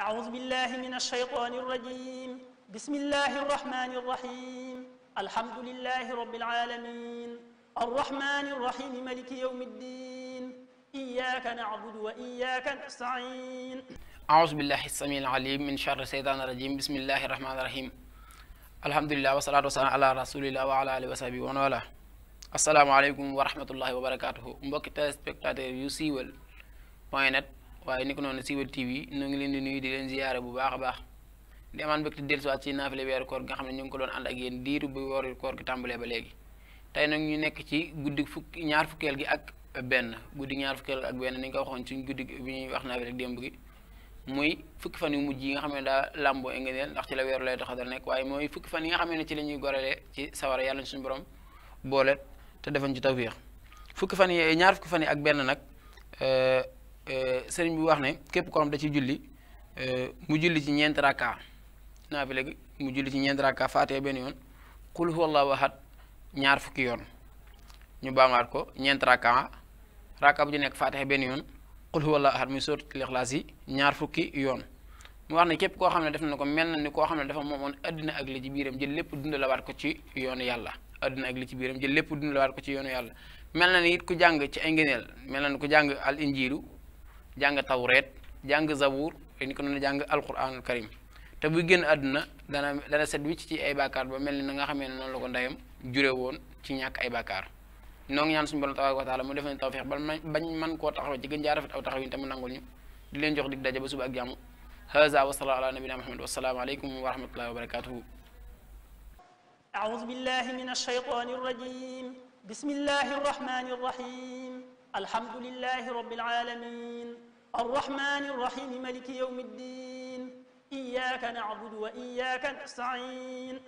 أعوذ بالله من الشيطان الرجيم بسم الله الرحمن الرحيم الحمد لله رب العالمين الرحمن الرحيم ملك يوم الدين إياك نعبد وإياك نستعين أعوذ بالله السميع العليم من شر الشيطان الرجيم بسم الله الرحمن الرحيم الحمد لله والصلاة والسلام على رسول الله وعلى آله وصحبه ومن والاه السلام عليكم ورحمة الله وبركاته mbokki téléspectateur yu siiwal waaye ni ko noonu siiwal TV ñu ngi leen di nuyu di leen ziyaare bu baax a baax di amaan mbégte dellusiwaat ci xam ne ñu ko doon ànd ak yéen diiru bu wooru koor ba léegi tey nag ñu nekk ci guddi fukki ñaar fukkeel gi ak benn guddi ñaar fukkeel ak benn ni nga ko waxoon suñ guddi bi ñuy wax naafile démb gi muy fukki fan yu mujj yi nga xam ne daa làmboo ngeneel ndax ci la weeru lay taxadal nekk waaye mooy fukki fan yi nga xam ne ci la ñuy gorelee ci sawara yàlla suñu borom boole te defañ ci tawfiix fukki fan yi fukki fan yi ak benn nag euh, Euh, sëriñ bi wax ne képp ko xam da ci julli euh, mu julli ci ñeent rakka naa fi mu julli ci ñeent rakka faatee benn yoon qul huwallahu ahad ñaar fukki yoon ñu baamaat ko ñeent rakka rakka bu ci nekk faatee benn yoon qul huwallahu ahad muy sóoratul ixlaas yi ñaar fukki yoon mu wax ne képp koo xam ne def na ko mel na ni koo xam ne dafa moomoon addina ak li ci biiram jël lépp dundalawaat ko ci yoonu yàlla addina ak li ci biiram jël lépp dundalawaat ko ci yoonu yàlla mel na ni it ku jàng ci ay ngëneel mel na ni ku jàng al injiilu jang tawret jang zabur ni ko non jang alquran alkarim te bu genn aduna dana dana set wi ci ay bakkar ba melni nga xamé non la ko ndayam juré won ci ñak ay bakkar no ngi ñaan suñu borom tawaka taala mu def na tawfiq bal bañ man ko taxaw ci genn jaar rafet aw taxawin te mu nangul ñu di len jox dig dajja ba suba ak jamm haza wa sallallahu ala nabina muhammad wa assalamu alaykum wa rahmatullahi wa barakatuh a'udhu billahi minash shaytanir rajim bismillahir rahmanir rahim الحمد لله رب العالمين الرحمن الرحيم ملك يوم الدين إياك نعبد وإياك نستعين